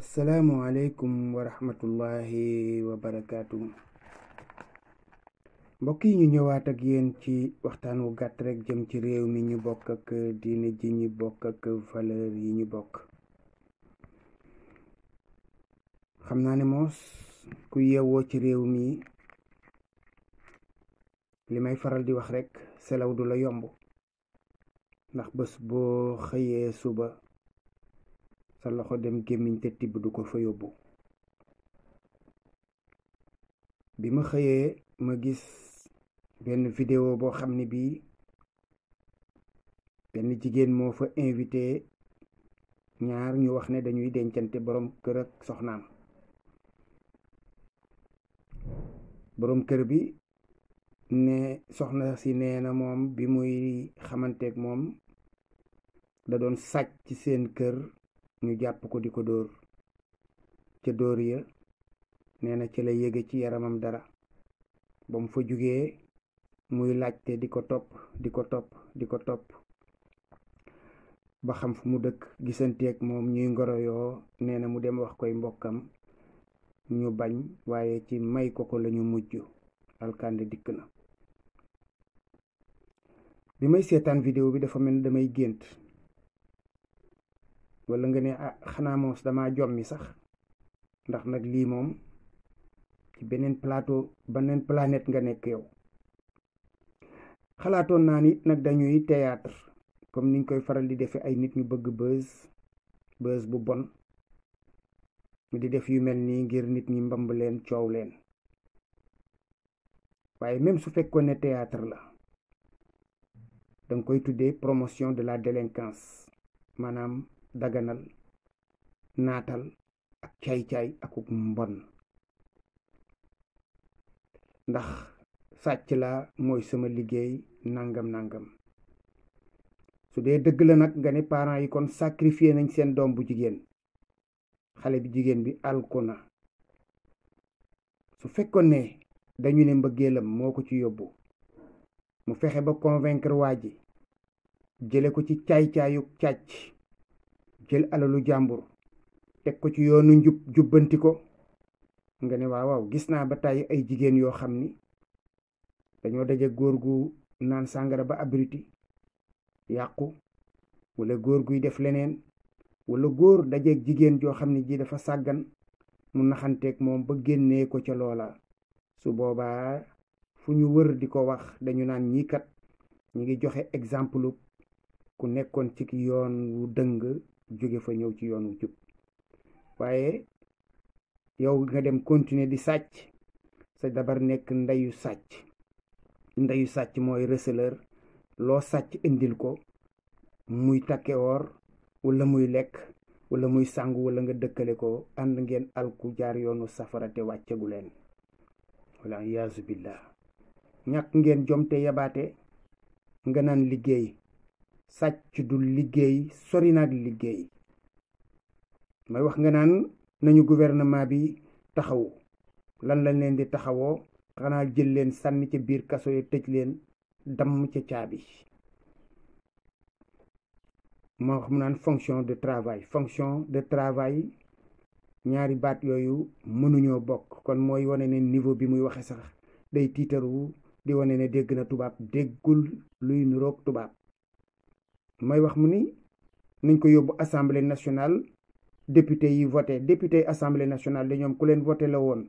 asalaamualeykum wa rahmatullahi wa barakaatu mbokk yi ñu ñëwaat ak yéen ci waxtaan wu gàtt rek jëm ci réew mi ñu bokk ak diine ji ñu bokk ak valeur yi ñu bokk xam naa ne moos ku yeewoo ci réew mi li may faral di wax rekk selaw du la yomb ndax bés boo xëyee suba sa loxo dem gémmiñ te tibb du ko fa yóbbu bi ma xëyee ma gis benn vidéo boo xam ne bii benn jigéen moo fa invité ñaar ñu wax ne dañuy dencante boroom kër ak soxnaam boroom kër bi ne soxna si nee na moom bi muy xamanteeg moom da doon sàcc ci seen kër ñu jàpp ko di ko dóor ca dóor ya nee na ci la yéege ci yaramam dara ba mu fa jógee muy laajte di ko topp di ko topp di ko topp ba xam fu mu dëkk gisanteeg moom ñuy ngoro yoo nee na mu dem wax koy mbokkam ñu bañ waaye ci may ko ko lañu mujj alkande dikk na bi may seetaan vidéo bi dafa mel damay gént wala nga ne ah xanaa moos damaa jommi sax ndax nag lii moom ci beneen plateau beneen planète nga nekk yow xalaatoon naa nit nag dañuy théâtre comme niñ koy faral di defee ay nit ñu bëgg buzz bu bon di def yu mel nii ngir nit ñi mbamb leen coow leen waaye même su fekkoon ne théâtre la danga koy tuddee promotion de la délinquance maanaam daganal naatal ak caay-caay akuk mbon ndax sàcc la mooy sama liggéey nangam nangam su dee dëgg la nag nga ne parents yi kon sacrifié nañ seen doom bu jigéen xale bi jigéen bi alku na su fekkoon ne dañu ne mbëggeelam moo ko ci yóbbu mu fexe ba convaincre waa ji jële ko ci caay-caayuk càcc jël alalu jàmbur teg ko ci yoonu njub jubbanti ko nga ne waaw waaw gis naa ba tàyyi ay jigéen yoo xam ni dañoo daje góor gu naan sàngara ba abriti yàqu wala góor guy def leneen wala góor dajeeg jigéen joo xam ne ji dafa sàggan mu naxanteeg moom ba génnee ko ca loola su boobaa fu ñu wër di ko wax dañu naan ñii kat ñi ngi joxe exemple ku nekkoon ci yoon wu dëng jóge fa ñëw ci yoon wu jub waaye yow nga dem continuer di sàcc sa dabar nekk ndeyu sàcc ndeyu sàcc mooy receleur loo sàcc indil ko muy takke woor wala muy lekk walla muy sàngu wala nga dëkkale ko ànd ngeen alku jaar yoonu safara te wàccegu leen wala yaasu billah ñàkk ngeen jom te yabaate nga naan liggéey sàcc du liggéey sori liggéey may wax nga naan nañu gouvernement bi taxawu lan lañ leen di taxawoo xanaa jël leen sànni ca biir kaso yi tëj leen damm ca caabi moo xam naan fonction de travail fonction de travail ñaari baat yooyu mënuñoo bokk kon mooy wane ne niveau bi muy waxe sax day tiitaru di wane ne dégg na tubaab déggul luy nurook tubaab may wax mu ni nañ ko yóbbu assemblée nationale député yi voté député assemblée nationale de ñoom ku leen voté la woon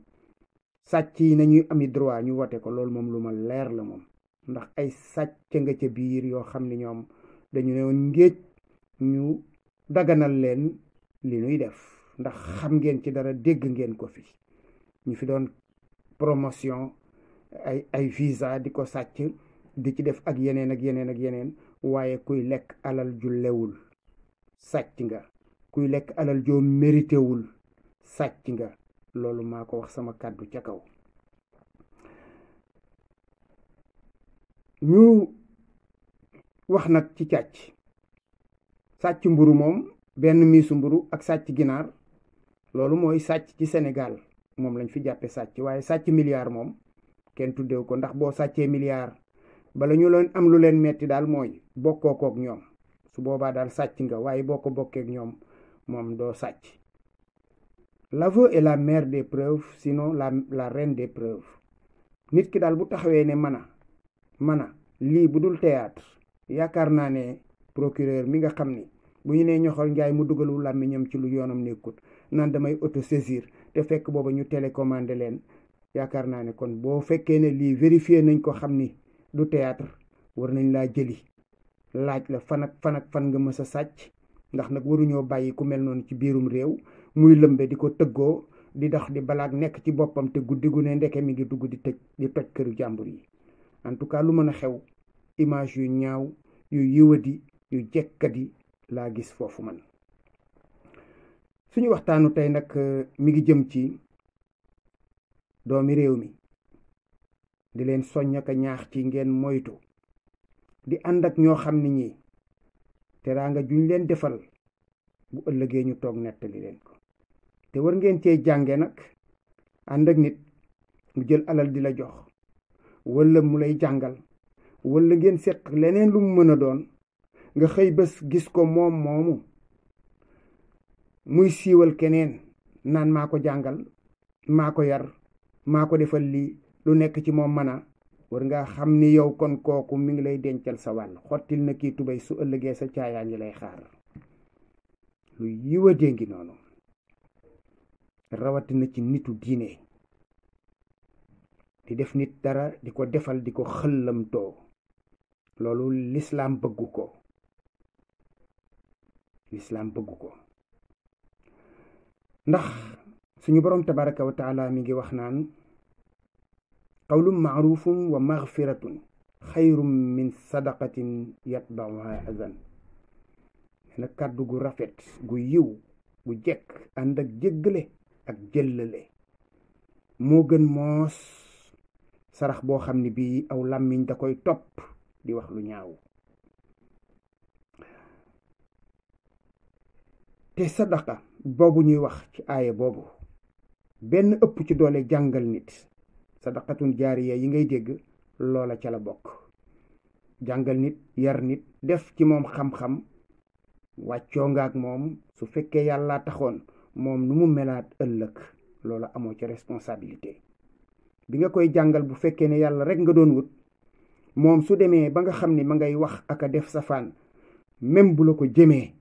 sàcc yi nañuy ami droit ñu voté ko loolu moom lu ma leer la moom ndax ay sàcc nga ca biir yoo xam ne ñoom dañu ne woon ngéej ñu daganal leen li ñuy def ndax xam ngeen ci dara dégg ngeen ko fi ñu fi doon promotion ay ay visa di ko sàcc di ci def ak yeneen ak yeneen ak yeneen waaye kuy lekk alal ju lewul sàcc nga kuy lekk alal joo méritéwul sàcc nga loolu maa ko wax sama kàddu ca kaw ñu wax nag ci càcc sàcc mburu moom benn miisu mburu ak sàcc ginaar loolu mooy sàcc ci Sénégal moom lañ fi jàppe sàcc waaye sàcc milliard moom kenn tuddeew ko ndax boo sàccee milliar bala ñu leen am lu leen metti daal mooy bokkoo kook ñoom su boobaa daal sàcc nga waaye boo ko bokkeek ñoom moom doo sàcc l'aveu est la mère des preuves sinon la la reine des preuves nit ki daal bu taxawee ne mana mana lii bu dul théâtre yaakaar naa ne procureur mi nga xam ni bu ñu nee ñoxol njaay mu dugalu làmmiñam ci lu yoonam nekkut naan damay auto saisir te fekk booba ñu télécommandé leen yaakaar naa ne kon boo fekkee ne lii vérifié nañ ko xam ni du théâtre war nañ laa jëli laaj la fan ak fan fan nga mës a sàcc ndax nag waruñoo bàyyi ku mel noonu ci biirum réew muy lëmbe di ko tëggoo di dox di balaag nekk ci boppam te guddi gu ne ndeke mi ngi dugg di tëj di toj këru jàmbur yi en tout cas lu mën a xew image yu ñaaw yu yiwadi yu jekkadi laa gis foofu man suñu waxtaanu tey nag euh, mi ngi jëm ci doomi réew mi di leen soññ ñaax ci ngeen moytu di ànd ak ñoo xam ni ñi teraanga juñ leen defal bu ëllëgee ñu toog nettali leen ko te war ngeen cee jànge nag ànd ak nit mu jël alal di la jox walla mu lay jàngal walla ngeen seq leneen lu mu mën a doon nga xëy bés gis ko moom moomu muy siiwal keneen naan maa ko jàngal maa ko yar maa ko defal lii lu nekk ci moom mana a war ngaa xam ni yow kon kooku mu ngi lay dencal sa wàll xottil na kii tubéy su ëllëgee sa caayaan yi lay xaar lu yiwadee ngi noonu rawatina ci nitu diine di def nit dara di ko defal di ko xëllamtoo loolu lislaam bëggu ko lislaam bëggu ko ndax suñu boroom tabaraka wa taala ngi wax naan qawlun maarufun wa maxfiratun xayrun min sadaqatin yatbauha azan na kàddu gu rafet gu yiw gu jekk ànd ak jéggale ak jëllale moo gën moos sarax boo xam ne bii aw làmmiñ da koy topp di wax lu ñaaw te sadaqa boobu ñuy wax ci aaya boobu benn ëpp ci doole jàngal nit sa sadaqatun jaariya yi ngay dégg loola ca la bokk jàngal nit yar nit def ci moom xam-xam wàccoo nga ak moom su fekkee yàlla taxoon moom nu mu melaat ëllëg loola amoo ci responsabilité bi nga koy jàngal bu fekkee ne yàlla rek nga doon wut moom su demee ba nga xam ni ma ngay wax ak a def safaan même bu la ko jëmee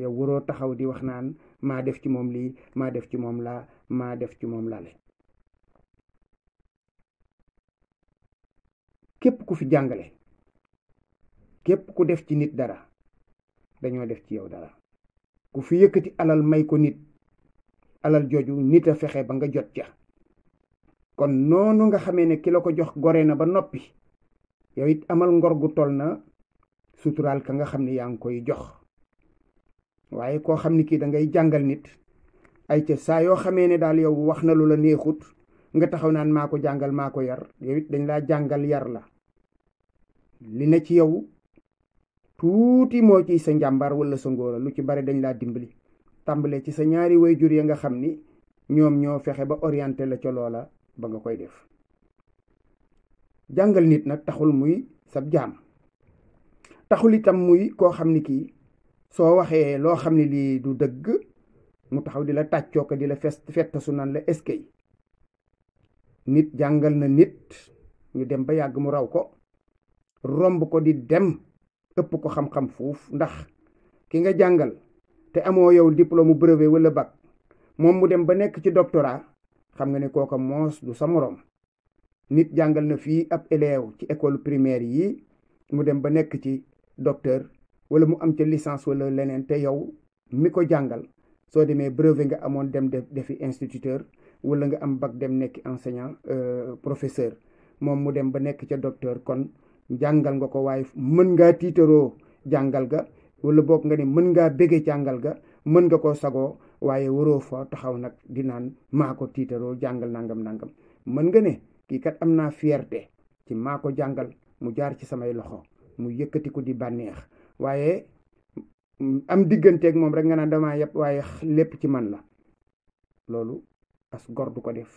yow waroo taxaw di wax naan maa def ci moom lii maa def ci moom laa maa def ci moom lale képp ku fi jàngale képp ku def ci nit dara dañoo def ci yow dara ku fi yëkkati alal may ko nit alal jooju nit a fexe ba nga jot ca kon noonu nga xamee ne ki la ko jox gore na ba noppi yow it amal ngor gu toll na suturaal ka nga xam ni yaa ngi koy jox waaye koo xam ne kii dangay jàngal nit ay ca saa yoo xamee ne daal yow wax na lu la neexut nga taxaw naan maa ko jàngal maa ko yar yow it dañ laa jàngal yar la li ne ci yow tuuti moo ciy sa njàmbaar wala sa ngóora lu ci bari dañ laa dimbali tàmbalee ci sa ñaari way jur yi nga xam ni ñoom ñoo fexe ba orienté la ca loola ba nga koy def jàngal nit nag taxul muy sab jaam taxul itam muy koo xam ni kii soo waxee loo xam ne lii du dëgg mu taxaw di la tàccoo di la fes fettasu nan la eskay nit jàngal na nit ñu dem ba yàgg mu raw ko romb ko di dem ëpp ko xam-xam fuuf ndax ki nga jàngal te amoo yow diplôme brevet wala bac moom mu dem ba nekk ci doctorat xam nga ne kooka moos du sa moroom nit jàngal na fii ab élève ci école primaire yi mu dem ba nekk ci docteur wala mu am ca licence wala leneen te yow mi ko jàngal soo demee brevet nga amoon dem def defi instituteur wala nga am bag dem nekk enseignant euh, professeur moom mu dem ba nekk ca docteur kon jàngal nga ko waaye mën ngaa tiitaroo jàngal ga wala boog nga ne mën ngaa bége jàngal ga mën nga koo sagoo waaye waroo fa taxaw nag di naan maa ko tiitaroo jàngal nangam nangam mën nga ne kii kat am naa fierte ci maa ko jàngal mu jaar ci samay loxo mu yëkkati ko di bànneex waaye mm, am digganteeg moom rek nga naan damaa yëpp waaye lépp ci man la loolu as gor du ko def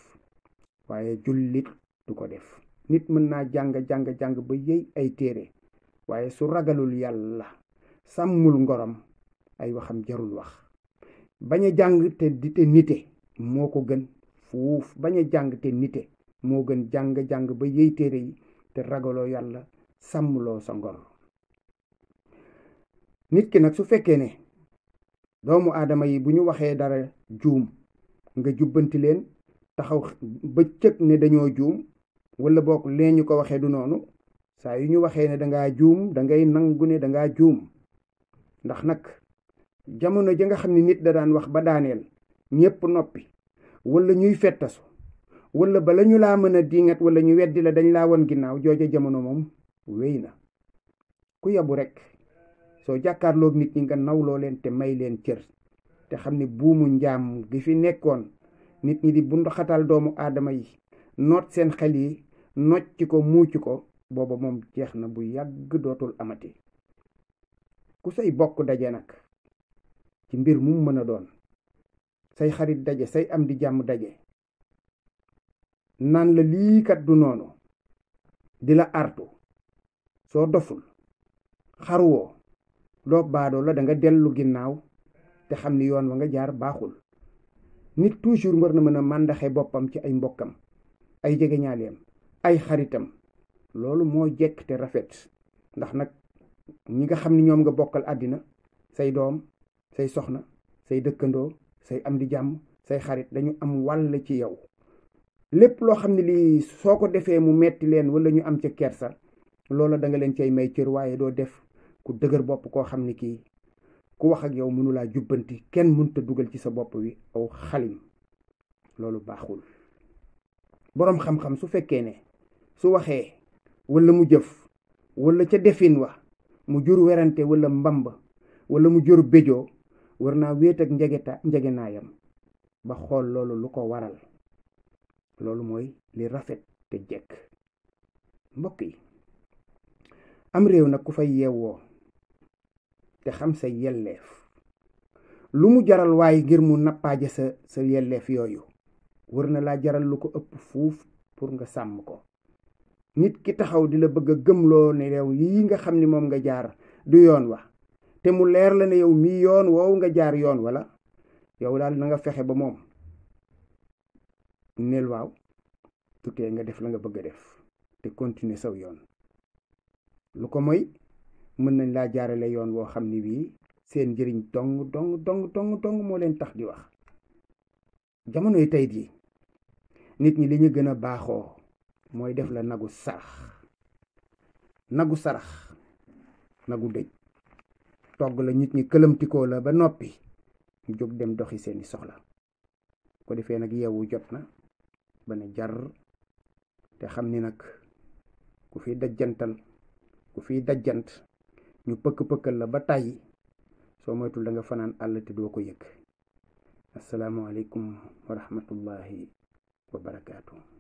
waaye jullit du ko def nit mën na jàng jàng jàng ba yëy ay téere waaye su ragalul yàlla sàmmul ngorom ay waxam jarul wax bañ a jàng te di te nite moo gën jàng moo gën jàng jàng ba yëy téere yi te ragaloo yàlla sàmmloo sa ngor nit ki nag su fekkee ne doomu aadama yi bu ñu waxee dara juum nga jubbanti leen taxaw bëccëg ne dañoo juum wala boog lee ñu ko waxee du noonu saa yu ñu waxee ne dangaa juum dangay nangu ne dangaa juum ndax nag jamono ja nga xam ne nit da daan wax ba daaneel ñépp noppi wala ñuy fettasu wala bala ñu laa mën a diingat wala ñu weddi la dañ laa won ginnaaw jooja jamono moom wéy na ku yabu rekk soo jàkkaarloog nit ñi nga nawloo leen te may leen cër te xam ne buumu njaam gi fi nekkoon nit ñi di bunduxatal doomu aadama yi noot seen xel yi nocc ko muuc ko booba moom jeex na bu yàgg dootul amati ku say bokk daje nag ci mbir mu mën a doon say xarit daje say am di jàmm daje naan la lii du noonu di la artu soo doful xaruwoo doo baadoo la da dellu ginnaaw te xam ni yoon wa nga jaar baaxul nit toujours war na mën a màndaxe boppam ci ay mbokkam ay jegeñaaleem ay xaritam loolu moo jekk te rafet ndax nag ñi nga xam ni ñoom nga bokkal àddina say doom say soxna say dëkkandoo say am di jàmm say xarit dañu am wàll ci yow lépp loo xam ne lii soo ko defee mu metti leen walla ñu am ca kersa loola da nga leen cay may cër waaye doo def ku dëgër bopp koo xam ne kii ku wax ak yow mënulaa jubbanti kenn mënta dugal ci sa bopp wi aw xalim loolu baaxul boroom xam-xam su fekkee ne su waxee walla mu jëf walla ca defin wa mu jur werante walla mbamb walla mu jur béjoo war naa wéet ak njegeta njegenaayam ba xool loolu lu ko waral loolu mooy li rafet te jekk mbokk yi am réew nag ku fay yeewoo te xam sa yelleef lu mu jaral waaye ngir mu nappaaje sa sa yelleef yooyu wër na laa jaral lu ko ëpp fuuf pour nga sàmm ko nit ki taxaw di la bëgg a gëmloo ne yow yii nga xam ni moom nga jaar du yoon wa te mu leer la ne yow mii yoon woow nga jaar yoon wala yow daal na nga fexe ba moom neel waaw tutee nga def la nga bëgg a def te continuer saw yoon lu ko moy mën nañ laa jaarale yoon woo xam ni bii seen njëriñ dong dong dong dong dong moo leen tax di wax jamonoy tey jii nit ñi li ñu gën a baaxoo mooy def la nagu sarax nagu sarax nagu dëj togg la nit ñi këlëmtikoo la ba noppi ñu jóg dem doxi seeni soxla ko defee nag yeewu jot na ba ne jar te xam ni nag ku fi dajjantal ku fi dajant ñu pëkk-pëkkal la ba tàyyi soo moytul da nga fanaan àll te doo ko yëg asalaamaaleykum wa rahmatullahi wa